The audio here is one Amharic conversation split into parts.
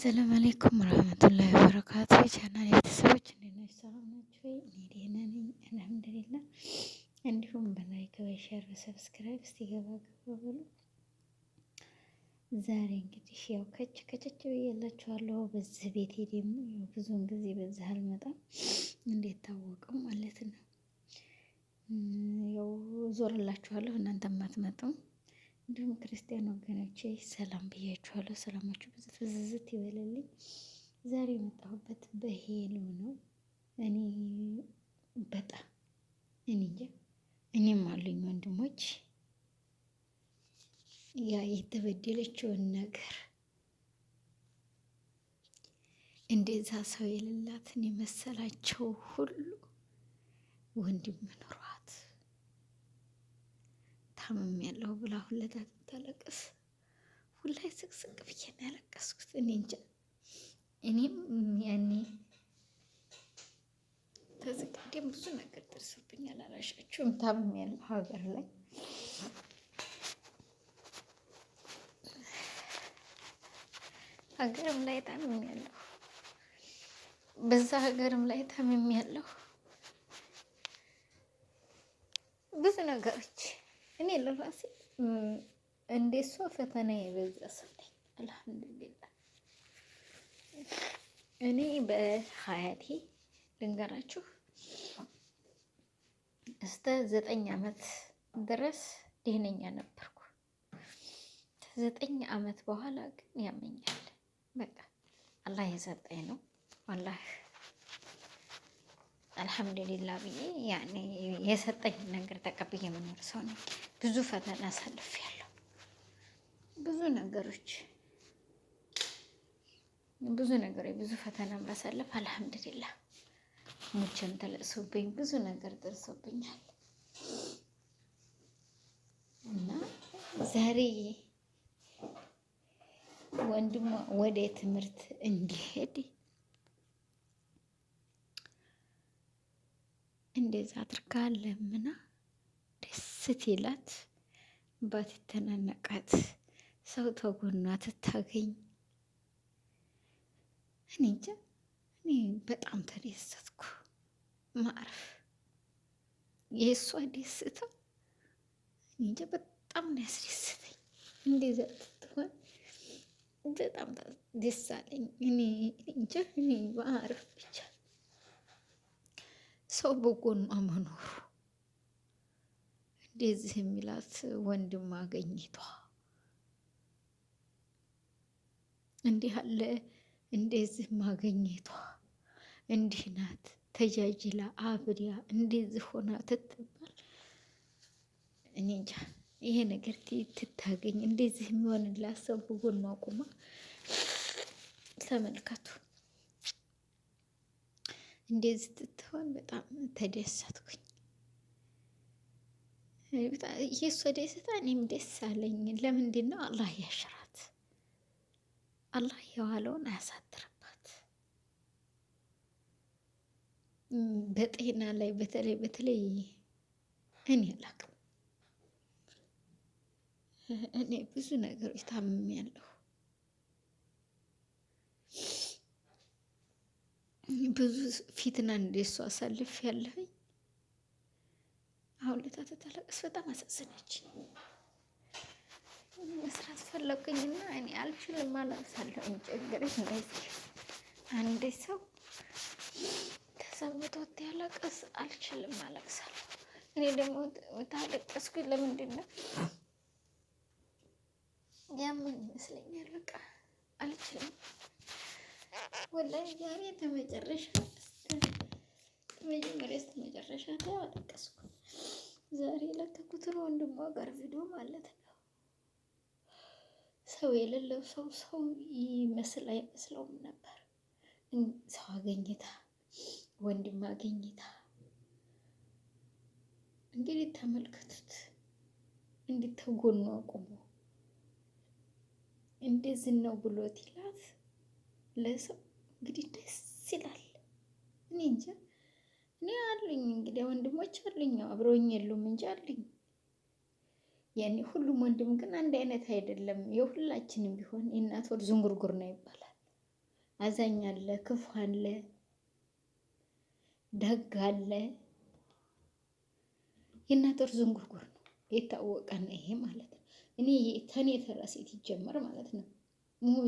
አሰላም አለይኩም ረህመቱላሂ ወበረካቱ። የቻናል ቤተሰቦች እንዴት ናችሁ? ሰላም ናችሁ ወይ? እኔ ደህና ነኝ አልሐምዱሊላህ። እንዲሁም በላይክ በሸር በሰብስክራይብ እስቲ ገባ ገባ ብሎ ዛሬ እንግዲህ ያው ከች ከቸች ብያላችኋለሁ። በዚህ ቤቴ ደግሞ ብዙውን ጊዜ በዚህ አልመጣም እንዴት ታወቀው ማለት ነው። ያው ዞርላችኋለሁ እናንተ ማትመጡም እንዲሁም ክርስቲያን ወገኖቼ ሰላም ብያችኋለሁ። ሰላማችሁ ብዝት ብዝዝት ይበልልኝ። ዛሬ የመጣሁበት በሄሉ ነው። እኔ በጣም እኔ እኔም አሉኝ ወንድሞች ያ የተበደለችውን ነገር እንደዛ ሰው የሌላትን የመሰላቸው ሁሉ ወንድም ኖሯት ታምም ያለው ብላ ሁለታ ስታለቅስ ሁላይ ስቅስቅ ብዬ ነው ያለቀስኩት። እኔ እንጃ እኔም ያኔ ከዚህ ቀደም ብዙ ነገር ደርሶብኛል። አላሻችሁም? ታምም ያለው ሀገር ላይ ሀገርም ላይ ታምም ያለው በዛ ሀገርም ላይ ታምም ያለው ብዙ ነገሮች እኔ ለራሴ እንደ እሷ ፈተና የበዛ ሰው ነኝ። አልሐምዱሊላ እኔ በሀያቴ ልንገራችሁ እስከ ዘጠኝ ዓመት ድረስ ደህነኛ ነበርኩ። ከዘጠኝ ዓመት በኋላ ግን ያመኛል። በቃ አላህ የሰጠኝ ነው አላህ አልሐምዱሊላ ብዬ ያኔ የሰጠኝ ነገር ተቀብዬ የምኖር ሰው ነኝ። ብዙ ፈተና ያለው ብዙ ነገሮች ብዙ ነገሮች ብዙ ፈተና ባሳልፍ አልሐምዱሊላ ሙቸም ተለቅሶብኝ ብዙ ነገር ደርሶብኛል እና ዛሬ ወንድሟ ወደ ትምህርት እንዲሄድ እንደዛ አድርጋ ለምና ደስት ይላት ባትተናነቃት ሰው ተጎና ትታገኝ። እኔ እንጃ እኔ በጣም ተደሰትኩ። ማዕረፍ የእሷ ደስታ እኔ እንጃ በጣም ነው ያስደስተኝ። እንደዛ ትትሆን በጣም ደስ አለኝ። እኔ እንጃ እኔ ማዕረፍ ብቻ ሰው በጎኗ መኖሩ እንደዚህ የሚላት ወንድም አገኝቷ እንዲህ አለ እንደዚህ ማገኘቷ እንዲህ ናት ተጃጅላ አብሪያ እንደዚህ ሆና ትትባል። እኔ እንጃ ይሄ ነገር ትታገኝ እንደዚህ የሚሆንላት ሰው በጎኗ ቁማ ተመልከቱ። እንደዚህ ስትሆን በጣም ተደሰትኩኝ። የእሷ ደስታ እኔም ደስ አለኝ። ለምንድን ነው አላህ ያሽራት፣ አላህ የዋለውን አያሳድርባት። በጤና ላይ በተለይ በተለይ እኔ አላቅም። እኔ ብዙ ነገሮች ታምሜያለሁ። ብዙ ፊትና እንደሱ አሳልፍ ያለኝ አሁን ለታተ ታለቅስ በጣም አሳዘነች። መስራት ፈለኩኝና እኔ አልችልም አላሳለሁ ጨገረች። እንደዚህ አንዴ ሰው ተሰምቶት ያለቅስ አልችልም አለቅሳለሁ። እኔ ደግሞ ታለቀስኩኝ ለምንድን ነው ያምን ይመስለኛል። በቃ አልችልም ወላሂ ዛሬ ተመጨረሻ መጀመሪያ እስከ መጨረሻ አለቀስኩ። ዛሬ የለቀኩትን ወንድሟ ጋር ቪዲዮ ማለት ነው። ሰው የሌለው ሰው ሰው ይመስል አይመስለውም ነበር። ሰው አገኝታ ወንድም አገኝታ እንግዲህ ተመልከቱት። እንዲህ ተጎኗ ቆሞ እንደዚህ ነው ብሎት ይላት ለሰው እንግዲህ ደስ ይላል። እኔ እንጃ እኔ አሉኝ እንግዲህ ወንድሞች አሉኝ፣ አብረውኝ የሉም እንጂ አሉኝ። ያኔ ሁሉም ወንድም ግን አንድ አይነት አይደለም። የሁላችንም ቢሆን የእናት ወር ዝንጉርጉር ነው ይባላል። አዛኝ አለ፣ ክፉ አለ፣ ደግ አለ። የእናት ወር ዝንጉርጉር ነው የታወቀ ነው ይሄ ማለት ነው። እኔ ተኔ ተራ ሴት ይጀመር ማለት ነው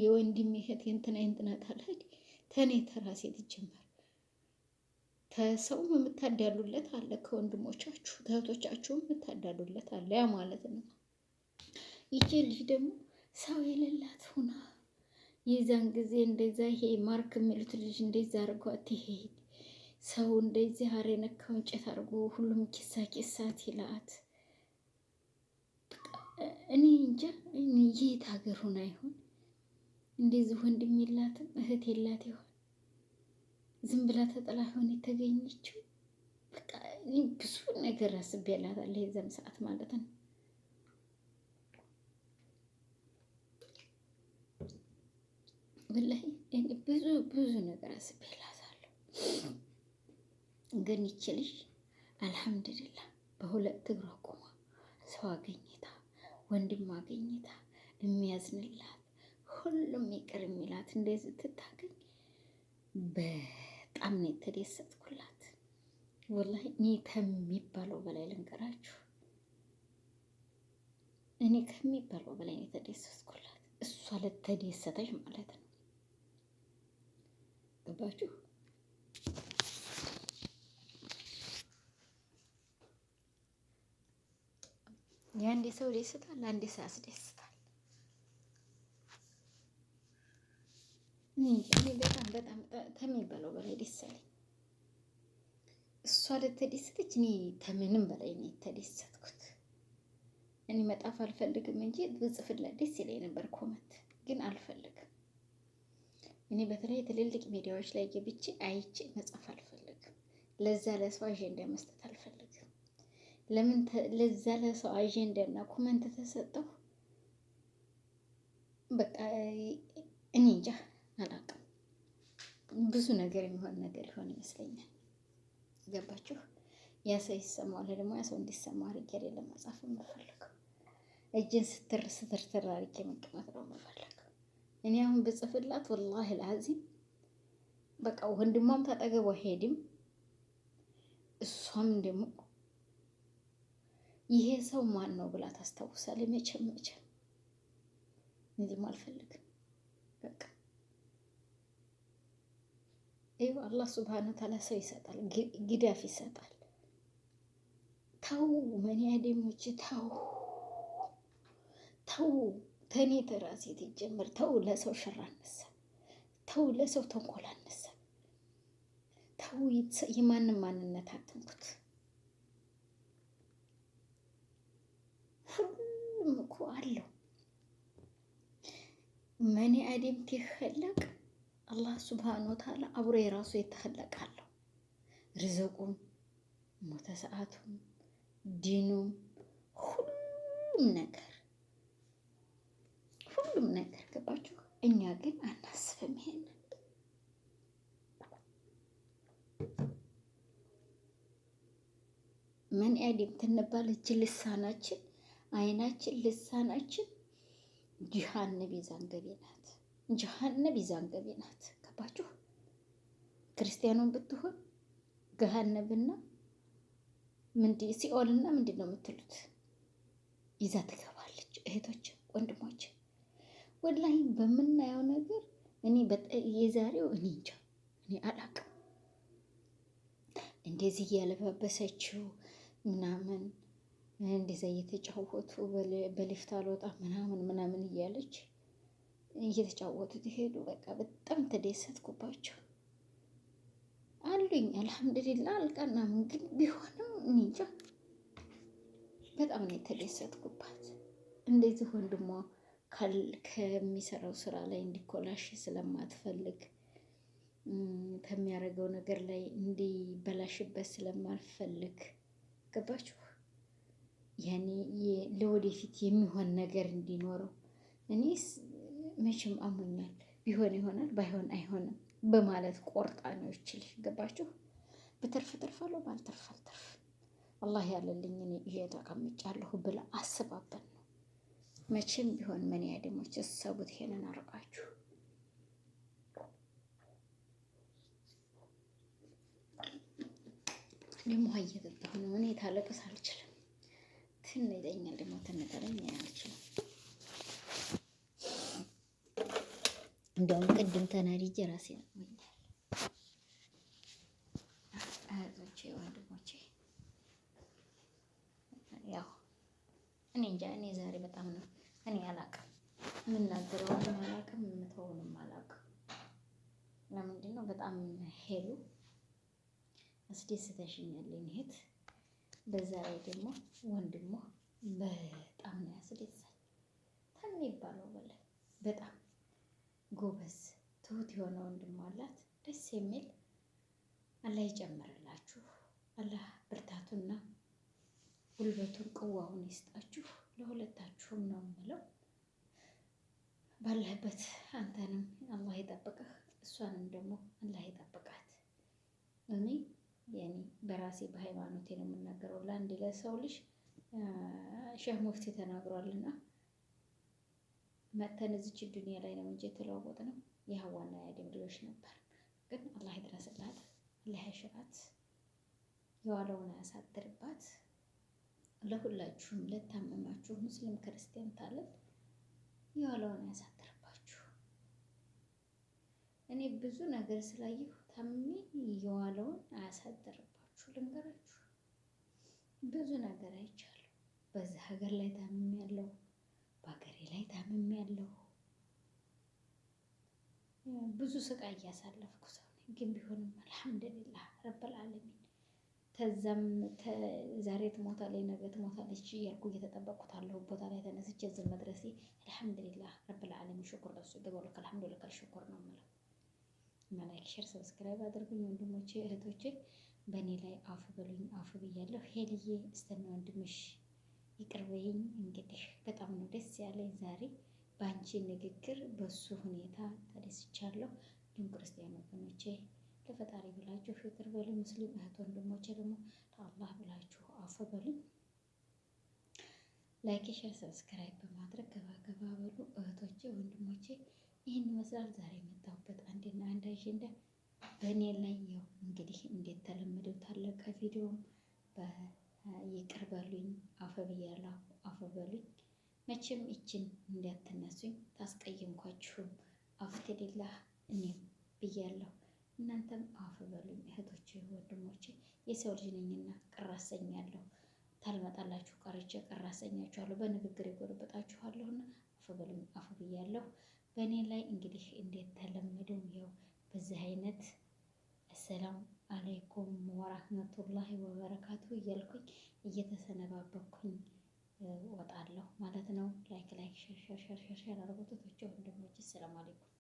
የወንድም ይሄት የእንትና የእንትና ታላቅ ተኔ ተራሴ ትጀመር ከሰውም የምታዳሉለት አለ፣ ከወንድሞቻችሁ ከእህቶቻችሁም የምታዳሉለት አለ። ያ ማለት ነው። ይቺ ልጅ ደግሞ ሰው የሌላት ሁና የዛን ጊዜ እንደዛ ይሄ ማርክ የሚሉት ልጅ እንደዛ አርጓት ይሄ ሰው እንደዚህ አሬ ነካው እንጨት አርጎ ሁሉም ኪሳ ኪሳት ይላት። እኔ እንጃ ይሄት ሀገር ሁና ይሆን እንደዚህ ወንድም የላትም እህት የላት ይሆን? ዝም ብላ ተጥላ ይሆን የተገኘችው? በቃ ብዙ ነገር አስቤላታለሁ የዛም ሰዓት ማለት ነው። ወላሂ ብዙ ብዙ ነገር አስቤላታለሁ። ግን ይቺ ልጅ አልሐምድሊላህ በሁለት እግሯ ቆማ ሰው አገኝታ ወንድም አገኝታ የሚያዝንላት ሁሉም ይቅር የሚላት እንደዚህ ትታገኝ በጣም ነው የተደሰጥኩላት። ወላሂ እኔ ከሚባለው በላይ ልንገራችሁ፣ እኔ ከሚባለው በላይ ነው የተደሰጥኩላት። እሷ ለተደሰተች ማለት ነው። ገባችሁ? የአንዴ ሰው ደስታ ለአንዴ ሰው ያስደስታል። እኔ በጣም በጣም ከሚባለው በላይ ደስ አለኝ። እሷ ለተደሰተች እኔ ከምንም በላይ ነው የተደሰትኩት። እኔ መጣፍ አልፈልግም እንጂ ብጽፍላት ደስ ይለኝ ነበር። ኮመንት ግን አልፈልግም። እኔ በተለይ ትልልቅ ሚዲያዎች ላይ ገብቼ አይቼ መጻፍ አልፈልግም። ለዛ ለሰው አጀንዳ መስጠት አልፈልግም። ለምን ለዛ ለሰው አጀንዳና ኮመንት ተሰጠሁ? በቃ እኔ እንጃ አላውቅም ብዙ ነገር የሚሆን ነገር ሊሆን ይመስለኛል። ገባችሁ? ያ ሰው ይሰማዋል ደግሞ ያ ሰው እንዲሰማ አድርጌ አይደለም መጽሐፍ የምፈልገው እጅን ስትር ስትርትር አድርጌ መቀመጥ ነው የምፈልገው። እኔ አሁን ብጽፍላት ወላሂ ለአዚም በቃ ወንድሟም ታጠገቡ ሄድም እሷም ደግሞ ይሄ ሰው ማን ነው ብላ ታስታውሳለች። መቼም መቼም እንዲህም አልፈልግም። ይኸው አላህ ስብሃነ ተዓላ ሰው ይሰጣል፣ ግዳፍ ይሰጣል። ተው መንያደኞች፣ ተው ተው፣ ከኔ ተራሴ ትጀምር። ተው ለሰው ሽር አነሳ፣ ተው ለሰው ተንኮል አነሳ፣ ተው የማንም ማንነት አትንኩት። ሁሉም እኮ አለው መኒ ትኸለቅ አላህ ስብሓን ወተዓላ አብሮ የራሱ የተኸለቃለሁ ርዝቁም ሞተ ሰዓቱም ዲኑም ሁሉም ነገር ሁሉም ነገር ገባችሁ። እኛ ግን አናስብም ይሄንን ምን ያዲም ትንባል እች ልሳናችን አይናችን ልሳናችን ጅሃን ቤዛን ገቢ ናት። ጀሃነብ ይዛን ገቢ ናት። ገባችሁ? ክርስቲያኑን ብትሆን ገሃነብና ምንድ ሲኦልና ምንድን ነው የምትሉት ይዛ ትገባለች። እህቶች ወንድሞች፣ ወላሂ በምናየው ነገር እኔ የዛሬው እኔ እንጃ እኔ አላቅም። እንደዚህ እያለባበሰችው ምናምን እንደዛ እየተጫወቱ በሊፍት አልወጣም ምናምን ምናምን እያለች እየተጫወቱት ይሄዱ። በቃ በጣም ተደሰትኩባቸው አሉኝ። አልሐምዱሊላ አልቀናም፣ ግን ቢሆንም እንጃ በጣም ነው የተደሰትኩባት። እንደዚህ ወንድሞ ከሚሰራው ስራ ላይ እንዲኮላሽ ስለማትፈልግ ከሚያደርገው ነገር ላይ እንዲበላሽበት ስለማልፈልግ ገባችሁ? ያኔ ለወደፊት የሚሆን ነገር እንዲኖረው እኔስ መቼም አሞኛል ቢሆን ይሆናል ባይሆን አይሆንም በማለት ቆርጣ ነው ይችል ገባችሁ። ብትርፍ ትርፍ አለው ባልትርፍ አልትርፍ አላህ ያለልኝ እኔ እየተቀምጫለሁ ብላ አስባበት ነው። መቼም ቢሆን ምን ያደሞች እሰቡት። ይሄንን አርቃችሁ ደግሞ እየጠጣሁ ነው እኔ ታለቅስ አልችልም። ትንጠኛል ደግሞ ትንጠለኝ አልችልም። እንዲያውም ቅድም ተናድጄ ራሴ ነው እህቶቼ፣ ወንድሞቼ ያው እኔ እንጃ እኔ ዛሬ በጣም ነው እኔ አላቅም የምናገረውንም አላቅም የምተውንም አላቅም። ለምንድን ነው በጣም ሄሉ አስደስተሽኛል የእኔ እህት። በዛ ላይ ደግሞ ወንድሞ በጣም ነው ያስደሳል ከሚባለው በላይ በጣም ጎበዝ ትሁት የሆነ ወንድም አላት። ደስ የሚል አላህ ይጨምርላችሁ። አላህ ብርታቱና ጉልበቱን ቅዋውን ይስጣችሁ። ለሁለታችሁም ነው የምለው። ባለህበት አንተንም አላህ ይጠብቅህ፣ እሷንም ደግሞ አላህ ይጠብቃት። እኔ የኔ በራሴ በሃይማኖቴ ነው የምናገረው። ለአንድ ለሰው ልጅ ሼህ ሙፍቲ ተናግሯልና መተን እዚች ዱኒያ ላይ ነው እንጂ የተለዋወጥ ነው የሀዋና የአደም ልጆች ነበር። ግን አላህ ይድረስላት፣ አላህ ያሽራት፣ የዋለውን አያሳድርባት። ለሁላችሁም ለታመማችሁ ሙስሊም ክርስቲያን ታለን የዋለውን ያሳድርባችሁ። እኔ ብዙ ነገር ስላየሁ ታምሜ የዋለውን አያሳድርባችሁ ልንገራችሁ። ብዙ ነገር አይቻለሁ። በዚህ ሀገር ላይ ታምሜ ያለው በሀገሬ ላይ ታምም ያለው ብዙ ስቃይ እያሳለፍኩ ሰው ነኝ። ግን ቢሆንም አልሐምዱሊላህ ረብል ዓለሚን ከዛም ዛሬ ትሞታለች፣ ነገ ትሞታለች እያልኩ እየተጠበቅኩት አለሁ ቦታ ላይ ተነስቼ እዚህ መድረሴ አልሐምድሊላህ ረብል ዓለሚን ሽኩር ለሱ ገበሉ አልሐምዱሊላህ ሽኩር ነው የምለው። እና ላይክ፣ ሼር፣ ሰብስክራይብ አድርጉኝ ወንድሞቼ እህቶቼ። በእኔ ላይ አፉ በሉኝ አፉ ብያለሁ። ሄልዬ እስተና ወንድምሽ ይቅርብኝ። እንግዲህ በጣም ነው ደስ ያለኝ ዛሬ በአንቺ ንግግር፣ በሱ ሁኔታ ተደስቻለሁ። እንዲሁም ክርስቲያን ወገኖቼ ለፈጣሪ ብላችሁ ፍቅር በሉ። ሙስሊም እህት ወንድሞቼ ደግሞ ለአላህ ብላችሁ አፉ በሉ። ላይክ፣ ሼር፣ ሰብስክራይብ በማድረግ ገባ ገባ በሉ እህቶቼ ወንድሞቼ። ይህን ይመስላል ዛሬ የመጣሁበት አንድና አንድ አጀንዳ በእኔ ላይ ያው እንግዲህ እንደተለመደው ታለቀ ቪዲዮ ይቅር በሉኝ፣ አፈብያለሁ፣ አፈበሉኝ መቼም ይችን እንዳትነሱኝ ታስቀየምኳችሁም አፍትሌላህ እኔም ብያለሁ እናንተም አፈበሉ እህቶቼ፣ ወንድሞቼ የሰው ልጅ ነኝና ቅራሰኛለሁ ታልመጣላችሁ ቀርቼ ቅራሰኛችኋለሁ በንግግር የጎረበጣችኋለሁና አፈበሉኝ አፈ ብያለሁ። በእኔ ላይ እንግዲህ እንደተለመደው ያው በዚህ አይነት ሰላም አለይኩም ወራህመቱላሂ ወበረካቱ እያልኩኝ እየተሰነባበኩኝ ወጣለሁ ማለት ነው። ላይክ ላይክ ሸር ሸር ሸር ሸር አድርጉት። ወንድሞች ሰላም አለይኩም።